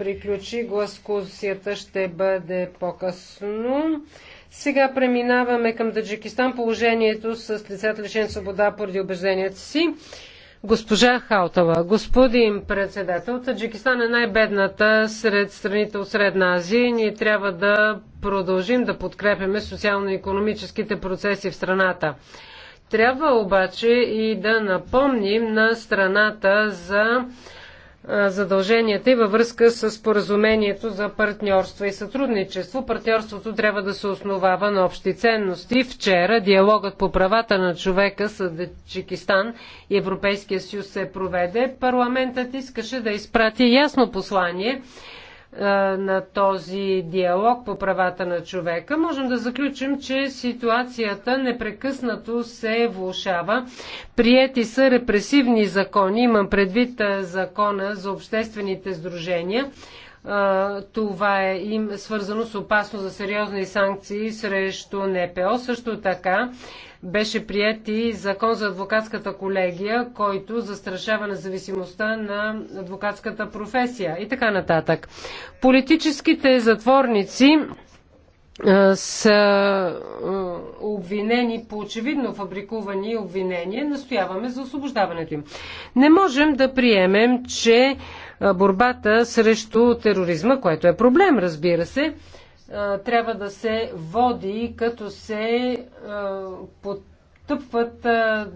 приключи. Гласкусията ще бъде по-късно. Сега преминаваме към Таджикистан. Положението с лицата лишен свобода поради убежденията си. Госпожа Халтова, господин председател, Таджикистан е най-бедната сред страните от Средна Азия и ние трябва да продължим да подкрепяме социално-економическите процеси в страната. Трябва обаче и да напомним на страната за задълженията и във връзка с поразумението за партньорство и сътрудничество. Партньорството трябва да се основава на общи ценности. Вчера диалогът по правата на човека с Чекистан и Европейския съюз се проведе. Парламентът искаше да изпрати ясно послание е, на този диалог по правата на човека, можем да заключим, че ситуацията непрекъснато се влушава. Приети са репресивни закони, имам предвид е, закона за обществените сдружения, това е им свързано с опасно за сериозни санкции срещу НПО. Също така беше прият и закон за адвокатската колегия, който застрашава независимостта на адвокатската професия и така нататък. Политическите затворници е, са е, обвинени по очевидно фабрикувани обвинения, настояваме за освобождаването им. Не можем да приемем, че е, борбата срещу тероризма, което е проблем, разбира се, трябва да се води като се потъпват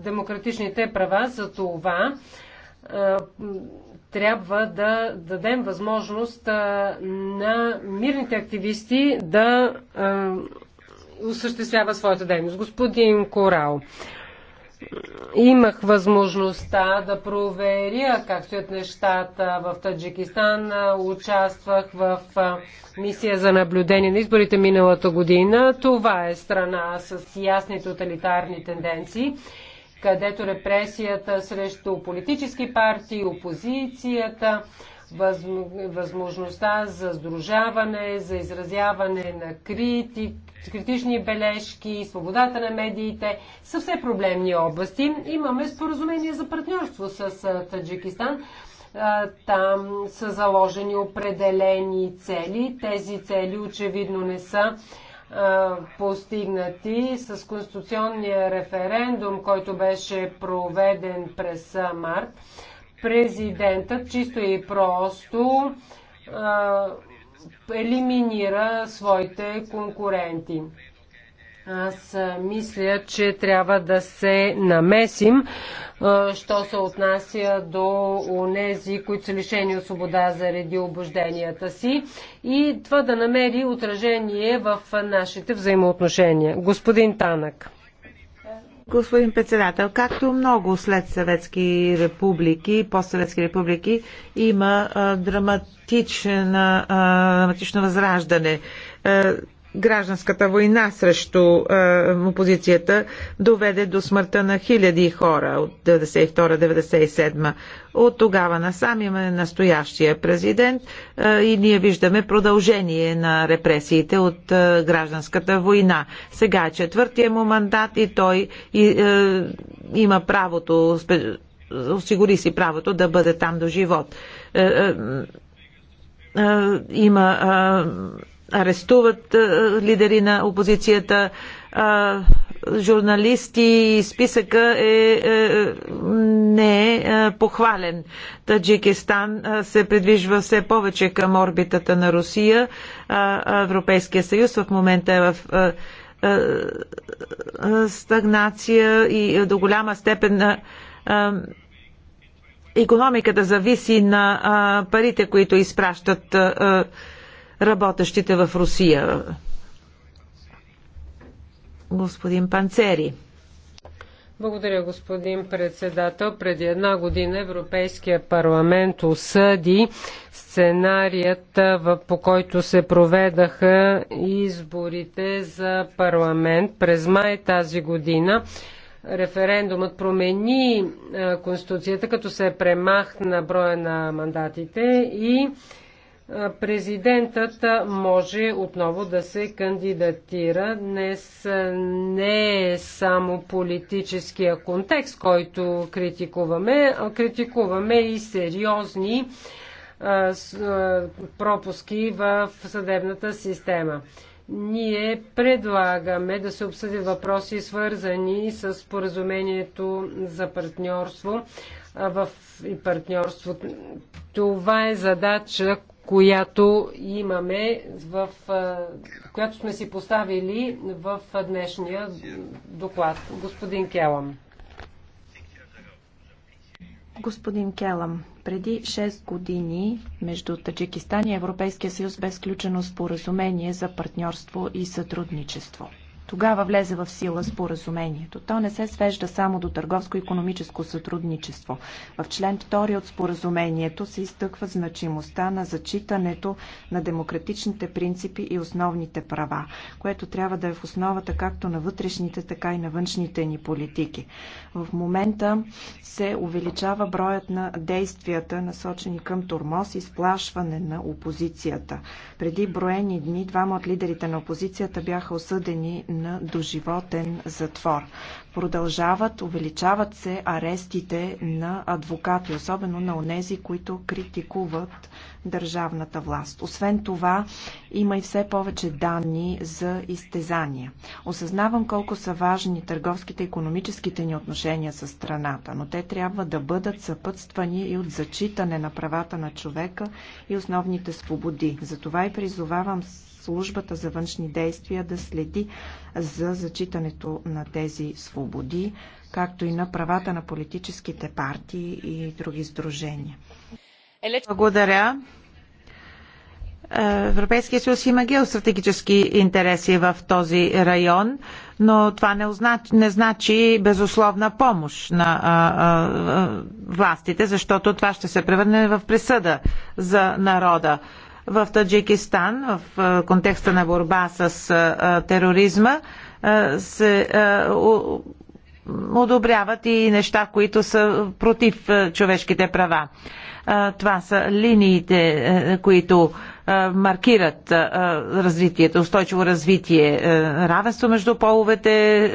демократичните права за това, е, трябва да дадем възможност е, на мирните активисти да е, осъществява своята дейност. Господин Корал, имах възможността да проверя как стоят нещата в Таджикистан. Участвах в мисия за наблюдение на изборите миналата година. Това е страна с ясни тоталитарни тенденции където репресията срещу политически партии, опозицията, възможността за сдружаване, за изразяване на критик, критични бележки, свободата на медиите са все проблемни области. Имаме споразумение за партньорство с Таджикистан. Там са заложени определени цели. Тези цели очевидно не са постигнати с конституционния референдум, който беше проведен през март. Президентът чисто и просто елиминира своите конкуренти. Аз мисля, че трябва да се намесим, що се отнася до онези, които са лишени от свобода заради обожденията си и това да намери отражение в нашите взаимоотношения. Господин Танък. Господин председател, както много след съветски републики, постсъветски републики, има а, драматична, а, драматично възраждане. А, гражданската война срещу е, опозицията доведе до смъртта на хиляди хора от 1992-1997. От тогава насам имаме настоящия президент е, и ние виждаме продължение на репресиите от е, гражданската война. Сега е четвъртия му мандат и той и, е, има правото, осигури си правото да бъде там до живот. Е, е, е, има е, арестуват лидери на опозицията, журналисти и списъка е, е, не е, е похвален. Таджикистан се придвижва все повече към орбитата на Русия. Европейския съюз в момента е в е, е, стагнация и до голяма степен економиката зависи на парите, които изпращат работещите в Русия. Господин Панцери. Благодаря, господин председател. Преди една година Европейския парламент осъди сценарият, по който се проведаха изборите за парламент през май тази година. Референдумът промени Конституцията, като се премахна броя на мандатите и президентът може отново да се кандидатира. Днес не е само политическия контекст, който критикуваме, а критикуваме и сериозни пропуски в съдебната система. Ние предлагаме да се обсъдят въпроси, свързани с споразумението за партньорство в и партньорство. Това е задача, която имаме в, която сме си поставили в днешния доклад. Господин Келам. Господин Келам, преди 6 години между Таджикистан и Европейския съюз бе сключено споразумение за партньорство и сътрудничество. Тогава влезе в сила споразумението. То не се свежда само до търговско-економическо сътрудничество. В член 2 от споразумението се изтъква значимостта на зачитането на демократичните принципи и основните права, което трябва да е в основата както на вътрешните, така и на външните ни политики. В момента се увеличава броят на действията, насочени към тормоз и сплашване на опозицията. Преди броени дни двама от лидерите на опозицията бяха осъдени на доживотен затвор. Продължават, увеличават се арестите на адвокати, особено на онези, които критикуват държавната власт. Освен това, има и все повече данни за изтезания. Осъзнавам колко са важни търговските и економическите ни отношения с страната, но те трябва да бъдат съпътствани и от зачитане на правата на човека и основните свободи. Затова и призовавам службата за външни действия да следи за зачитането на тези свободи, както и на правата на политическите партии и други сдружения. Благодаря. Европейския съюз има геостратегически интереси в този район, но това не, означ... не значи безусловна помощ на а, а, властите, защото това ще се превърне в присъда за народа в Таджикистан в контекста на борба с тероризма се одобряват и неща, които са против човешките права. Това са линиите, които маркират развитието, устойчиво развитие, равенство между половете,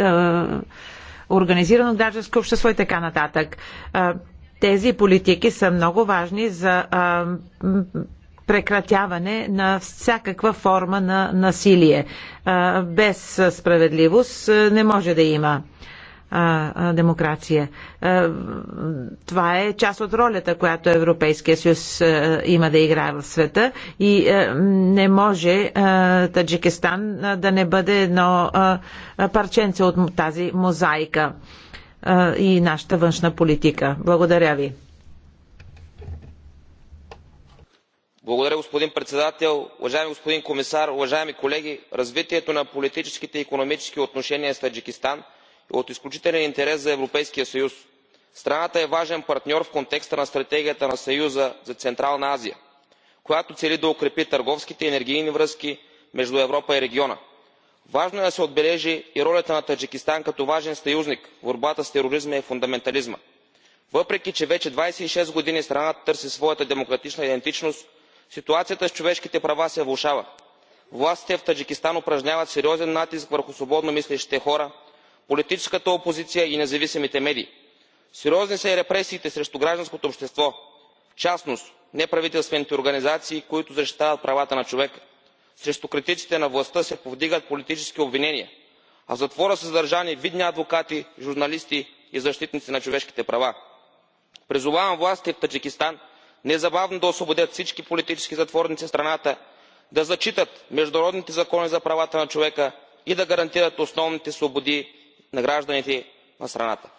организирано гражданско общество и така нататък. Тези политики са много важни за прекратяване на всякаква форма на насилие. Без справедливост не може да има демокрация. Това е част от ролята, която Европейския съюз има да играе в света и не може Таджикистан да не бъде едно парченце от тази мозайка и нашата външна политика. Благодаря ви. Благодаря, господин председател. Уважаеми господин комисар, уважаеми колеги! Развитието на политическите и икономическите отношения с Таджикистан е от изключителен интерес за Европейския съюз. Страната е важен партньор в контекста на стратегията на съюза за Централна Азия, която цели да укрепи търговските и енергийни връзки между Европа и региона. Важно е да се отбележи и ролята на Таджикистан като важен съюзник в борбата с тероризма и фундаментализма. Въпреки че вече 26 години страната търси своята демократична идентичност, ситуацията с човешките права се влошава. властите в таджикистан упражняват сериозен натиск върху свободно мислещите хора политическата опозиция и независимите медии. сериозни са и репресиите срещу гражданското общество в частност неправителствените организации които защитават правата на човека. срещу критиците на властта се повдигат политически обвинения а в затвора са задържани видни адвокати журналисти и защитници на човешките права. призовавам властите в таджикистан незабавно да освободят всички политически затворници в страната да зачитат международните закони за правата на човека и да гарантират основните свободи на гражданите на страната.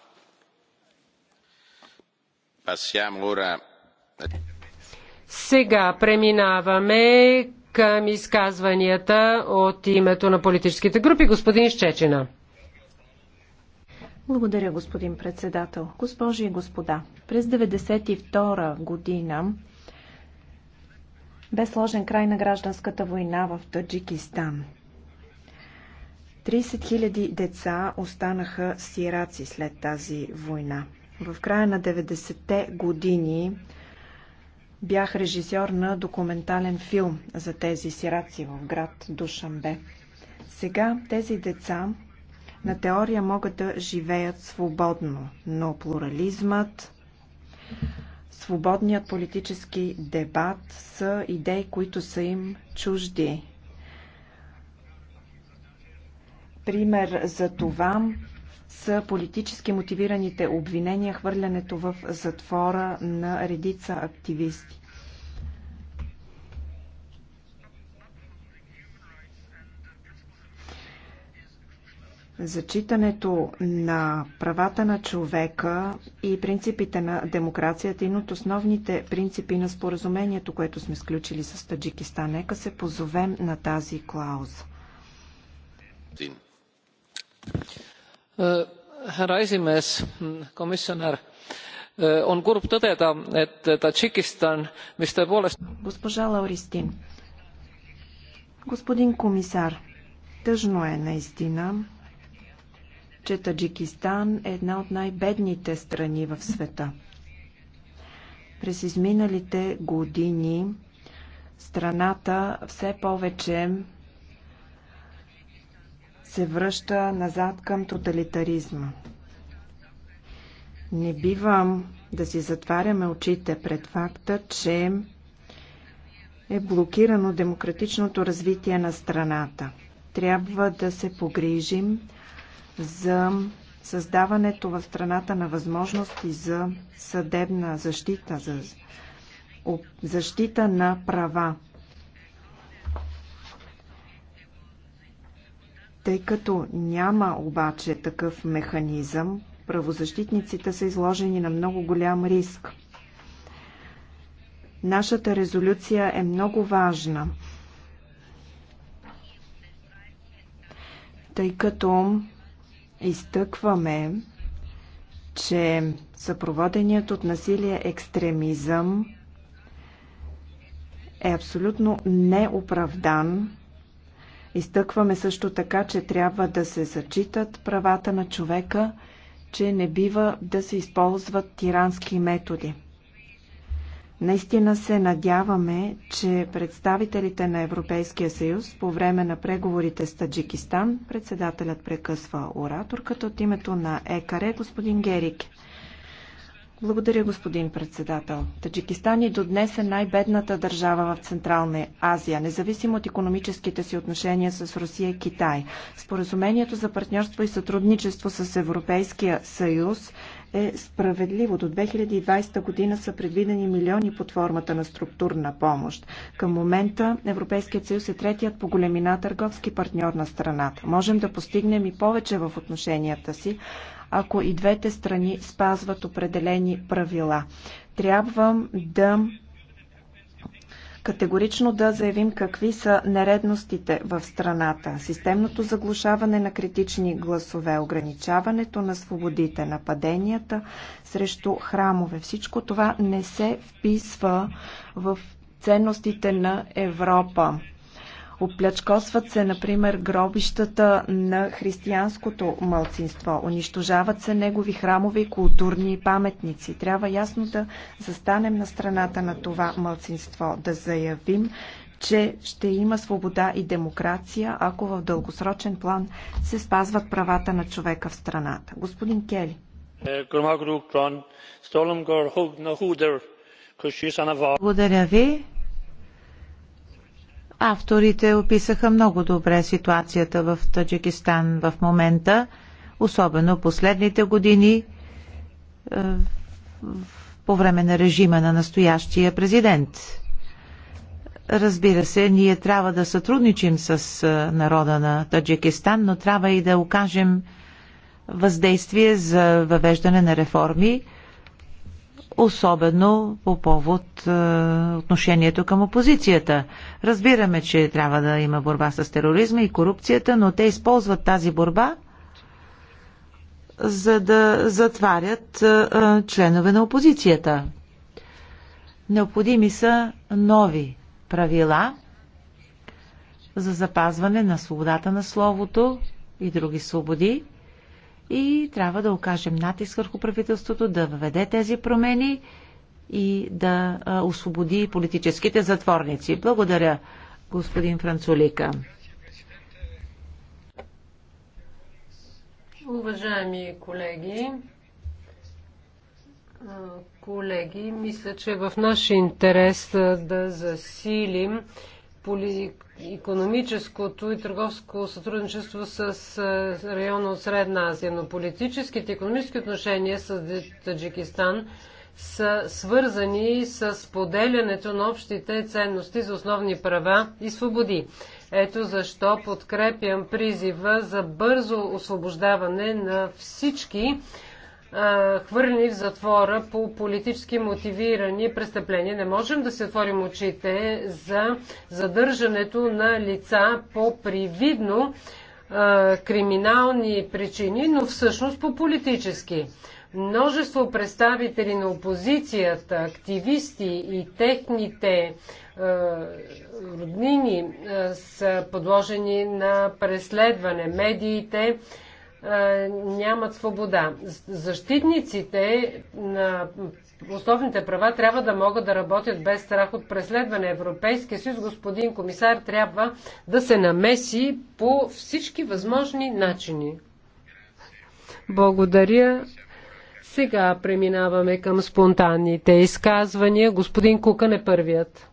Сега преминаваме към изказванията от името на политическите групи. Господин Щечина. Благодаря, господин председател. Госпожи и господа, през 1992 година бе сложен край на гражданската война в Таджикистан. 30 000 деца останаха сираци след тази война. В края на 90-те години бях режисьор на документален филм за тези сираци в град Душанбе. Сега тези деца на теория могат да живеят свободно, но плурализмът, свободният политически дебат са идеи, които са им чужди. Пример за това са политически мотивираните обвинения, хвърлянето в затвора на редица активисти. Зачитането на правата на човека и принципите на демокрацията, един от основните принципи на споразумението, което сме сключили с Таджикистан, нека се позовем на тази клауза. Э, härra esimees komisjonär э, on kurb tõdeda et tadžikistan mis tõepoolest госпожа Лауристин. Господин комисар, тъжно е наистина, че Таджикистан е една от най-бедните страни в света. През изминалите години страната все повече се връща назад към тоталитаризма. Не бивам да си затваряме очите пред факта, че е блокирано демократичното развитие на страната. Трябва да се погрижим за създаването в страната на възможности за съдебна защита, за защита на права. Тъй като няма обаче такъв механизъм, правозащитниците са изложени на много голям риск. Нашата резолюция е много важна, тъй като изтъкваме, че съпроводеният от насилие екстремизъм е абсолютно неоправдан. Изтъкваме също така, че трябва да се зачитат правата на човека, че не бива да се използват тирански методи. Наистина се надяваме, че представителите на Европейския съюз по време на преговорите с Таджикистан, председателят прекъсва ораторката от името на ЕКАРЕ господин Герик. Благодаря, господин председател. Таджикистан и е до днес е най-бедната държава в Централна Азия, независимо от економическите си отношения с Русия и Китай. Споразумението за партньорство и сътрудничество с Европейския съюз е справедливо. До 2020 година са предвидени милиони под формата на структурна помощ. Към момента Европейският съюз е третият по големина търговски партньор на страната. Можем да постигнем и повече в отношенията си, ако и двете страни спазват определени правила. Трябва да категорично да заявим какви са нередностите в страната. Системното заглушаване на критични гласове, ограничаването на свободите, нападенията срещу храмове. Всичко това не се вписва в ценностите на Европа. Оплячкосват се, например, гробищата на християнското мълцинство. Унищожават се негови храмове и културни паметници. Трябва ясно да застанем на страната на това мълцинство, да заявим, че ще има свобода и демокрация, ако в дългосрочен план се спазват правата на човека в страната. Господин Кели. Благодаря ви. Авторите описаха много добре ситуацията в Таджикистан в момента, особено последните години е, по време на режима на настоящия президент. Разбира се, ние трябва да сътрудничим с е, народа на Таджикистан, но трябва и да окажем въздействие за въвеждане на реформи, особено по повод е, отношението към опозицията. Разбираме, че трябва да има борба с тероризма и корупцията, но те използват тази борба за да затварят е, е членове на опозицията. Необходими са нови правила за запазване на свободата на словото и други свободи и трябва да окажем натиск върху правителството да въведе тези промени и да освободи политическите затворници. Благодаря, господин Францулика. Уважаеми колеги, колеги, мисля, че в наш интерес да засилим економическото и търговско сътрудничество с района от Средна Азия, но политическите и економически отношения с Таджикистан са свързани с поделянето на общите ценности за основни права и свободи. Ето защо подкрепям призива за бързо освобождаване на всички хвърлени в затвора по политически мотивирани престъпления. Не можем да се отворим очите за задържането на лица по привидно криминални причини, но всъщност по политически. Множество представители на опозицията, активисти и техните е, роднини е, са подложени на преследване. Медиите нямат свобода. Защитниците на основните права трябва да могат да работят без страх от преследване. Европейския съюз, господин комисар, трябва да се намеси по всички възможни начини. Благодаря. Сега преминаваме към спонтанните изказвания. Господин Кукан е първият.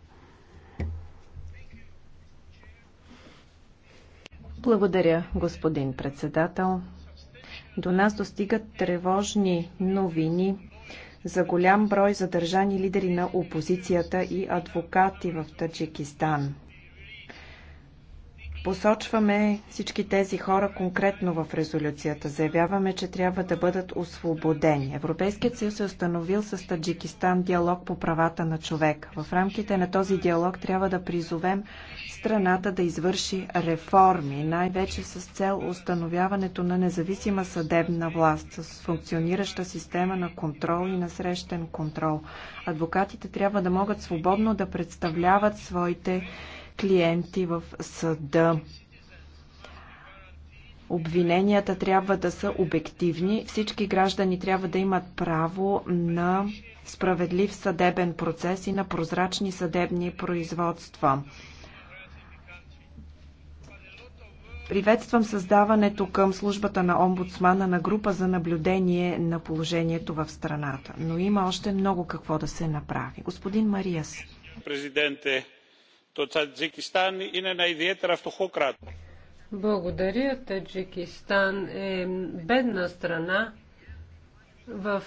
Благодаря, господин председател. До нас достигат тревожни новини за голям брой задържани лидери на опозицията и адвокати в Таджикистан. Посочваме всички тези хора конкретно в резолюцията. Заявяваме, че трябва да бъдат освободени. Европейският съюз е установил с Таджикистан диалог по правата на човек. В рамките на този диалог трябва да призовем страната да извърши реформи, най-вече с цел установяването на независима съдебна власт, с функционираща система на контрол и на срещен контрол. Адвокатите трябва да могат свободно да представляват своите клиенти в съда. Обвиненията трябва да са обективни. Всички граждани трябва да имат право на справедлив съдебен процес и на прозрачни съдебни производства. Приветствам създаването към службата на омбудсмана на група за наблюдение на положението в страната, но има още много какво да се направи. Господин Мариас. Президенте, Το Τατζικιστάν είναι ένα ιδιαίτερα φτωχό κράτο. Благодаря. Таджикистан е бедна страна, в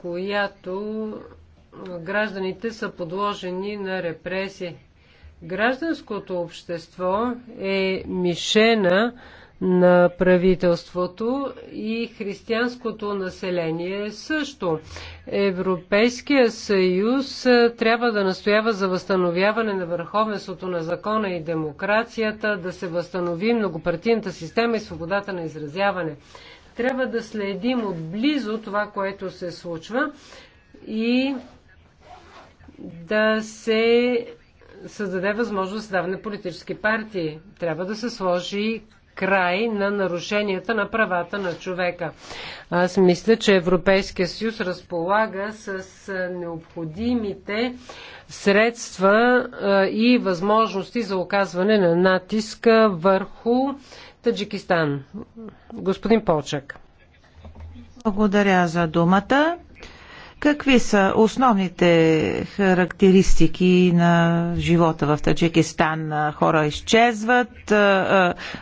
която гражданите са подложени на репресии. Гражданското общество е мишена на правителството и християнското население също. Европейския съюз трябва да настоява за възстановяване на върховенството на закона и демокрацията, да се възстанови многопартийната система и свободата на изразяване. Трябва да следим отблизо това, което се случва и да се създаде възможност да даване политически партии. Трябва да се сложи край на нарушенията на правата на човека. Аз мисля, че Европейския съюз разполага с необходимите средства и възможности за оказване на натиска върху Таджикистан. Господин Полчак. Благодаря за думата. Какви са основните характеристики на живота в Таджикистан? Хора изчезват,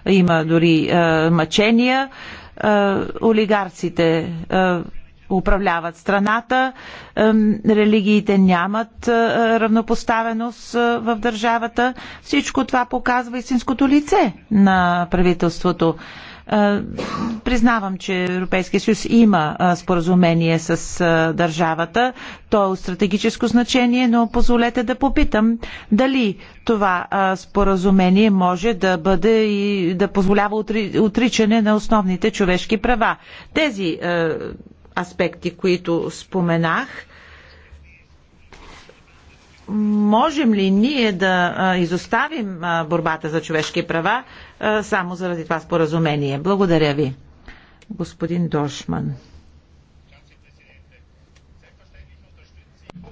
има дори мъчения, олигарците управляват страната, религиите нямат равнопоставеност в държавата. Всичко това показва истинското лице на правителството. Признавам, че Европейския съюз има споразумение с държавата. То е от стратегическо значение, но позволете да попитам дали това споразумение може да бъде и да позволява отричане на основните човешки права. Тези аспекти, които споменах, можем ли ние да изоставим борбата за човешки права само заради това споразумение? Благодаря ви, господин Дошман.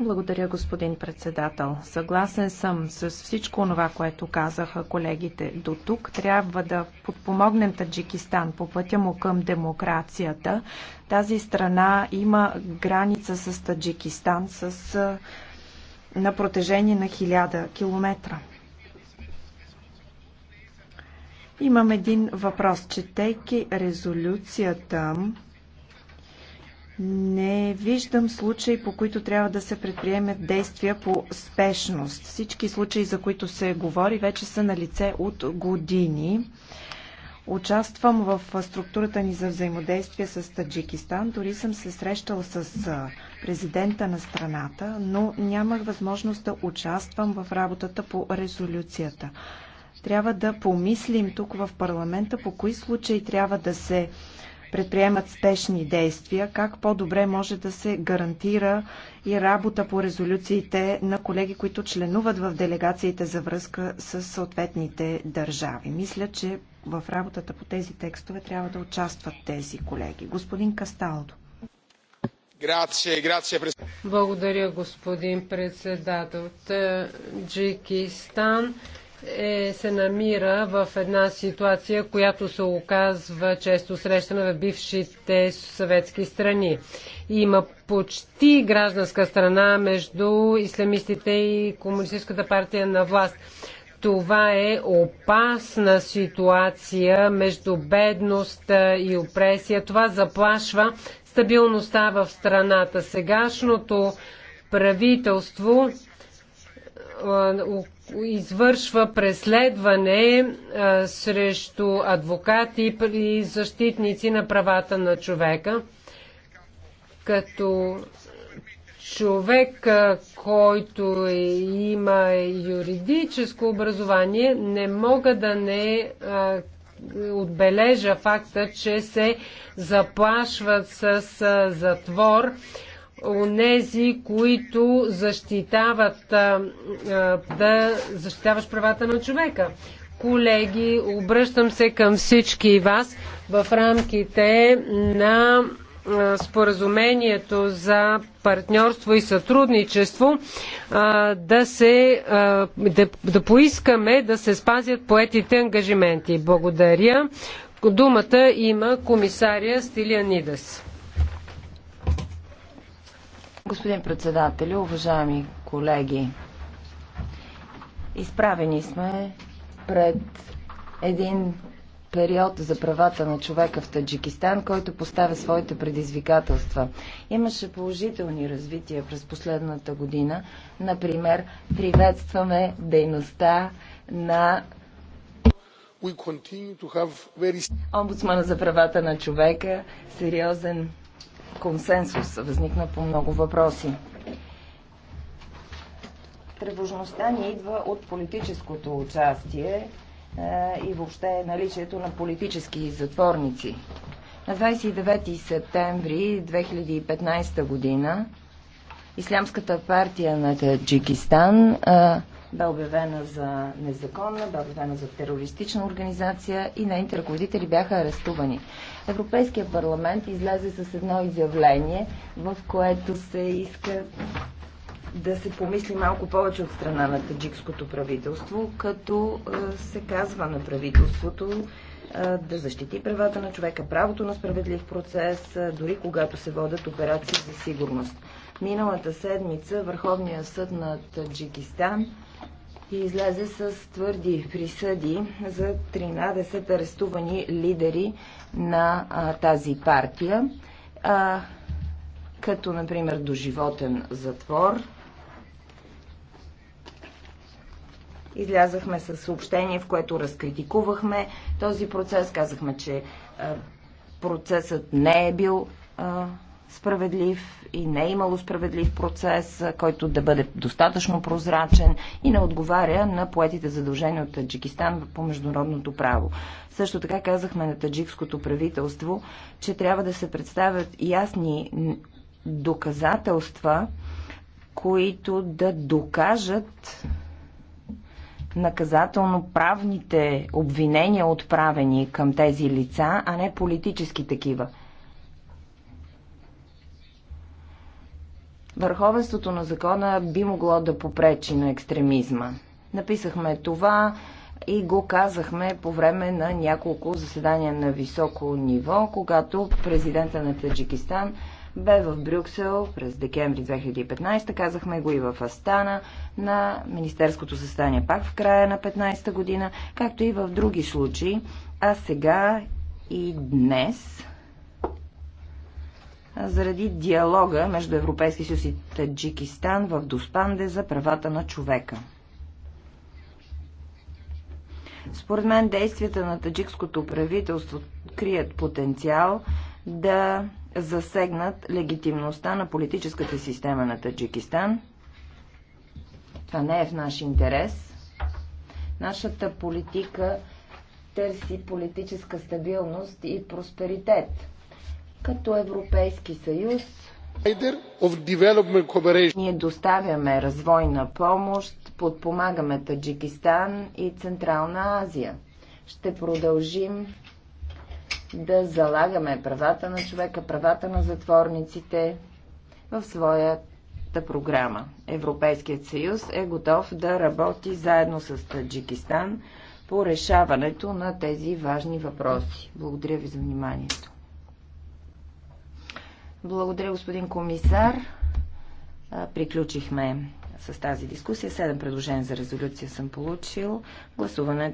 Благодаря, господин председател. Съгласен съм с всичко това, което казаха колегите до тук. Трябва да подпомогнем Таджикистан по пътя му към демокрацията. Тази страна има граница с Таджикистан, с на протежение на 1000 километра. Имам един въпрос. Четейки резолюцията, не виждам случаи, по които трябва да се предприемат действия по спешност. Всички случаи, за които се говори, вече са на лице от години. Участвам в структурата ни за взаимодействие с Таджикистан. Дори съм се срещал с президента на страната, но нямах възможност да участвам в работата по резолюцията. Трябва да помислим тук в парламента по кои случаи трябва да се предприемат спешни действия, как по-добре може да се гарантира и работа по резолюциите на колеги, които членуват в делегациите за връзка с съответните държави. Мисля, че в работата по тези текстове трябва да участват тези колеги. Господин Касталдо. Благодаря, господин председател. Таджикистан е, се намира в една ситуация, която се оказва често срещана в бившите съветски страни. Има почти гражданска страна между исламистите и Комунистическата партия на власт. Това е опасна ситуация между бедност и опресия. Това заплашва стабилността в страната. Сегашното правителство извършва преследване срещу адвокати и защитници на правата на човека. Като човек, който е, има юридическо образование, не мога да не отбележа факта, че се заплашват с затвор онези, които защитават да защитаваш правата на човека. Колеги, обръщам се към всички вас в рамките на е, споразумението за партньорство и сътрудничество е, да, се, е, да, да поискаме да се спазят поетите ангажименти. Благодаря. Думата има комисаря Стилианидес. Господин председател, уважаеми колеги, изправени сме пред един период за правата на човека в Таджикистан, който поставя своите предизвикателства. Имаше положителни развития през последната година. Например, приветстваме дейността на very... Омбудсмана за правата на човека. Сериозен консенсус възникна по много въпроси. Тревожността ни идва от политическото участие е, и въобще наличието на политически затворници. На 29 септември 2015 година Ислямската партия на Таджикистан е, бе обявена за незаконна, бе обявена за терористична организация и нейните ръководители бяха арестувани. Европейския парламент излезе с едно изявление, в което се иска да се помисли малко повече от страна на таджикското правителство, като е, се казва на правителството е, да защити правата на човека, правото на справедлив процес, е, дори когато се водят операции за сигурност. Миналата седмица Върховният съд на Таджикистан излезе с твърди присъди за 13 арестувани лидери на а, тази партия, а, като например доживотен затвор Излязахме с съобщение, в което разкритикувахме този процес. Казахме, че е, процесът не е бил е, справедлив и не е имало справедлив процес, е, който да бъде достатъчно прозрачен и не отговаря на поетите задължения от Таджикистан по международното право. Също така казахме на таджикското правителство, че трябва да се представят ясни доказателства, които да докажат наказателно-правните обвинения отправени към тези лица, а не политически такива. Върховенството на закона би могло да попречи на екстремизма. Написахме това и го казахме по време на няколко заседания на високо ниво, когато президента на Таджикистан бе в Брюксел през декември 2015, казахме го и в Астана, на Министерското състояние пак в края на 15 година, както и в други случаи. А сега и днес заради диалога между Европейски съюз и Таджикистан в Доспанде за правата на човека. Според мен действията на таджикското правителство крият потенциал да засегнат легитимността на политическата система на Таджикистан. Това не е в наш интерес. Нашата политика търси политическа стабилност и просперитет. Като Европейски съюз ние доставяме развойна помощ, подпомагаме Таджикистан и Централна Азия. Ще продължим да залагаме правата на човека, правата на затворниците в своята програма. Европейският съюз е готов да работи заедно с Таджикистан по решаването на тези важни въпроси. Благодаря ви за вниманието. Благодаря, господин комисар. Приключихме с тази дискусия. Седем предложения за резолюция съм получил. Гласуването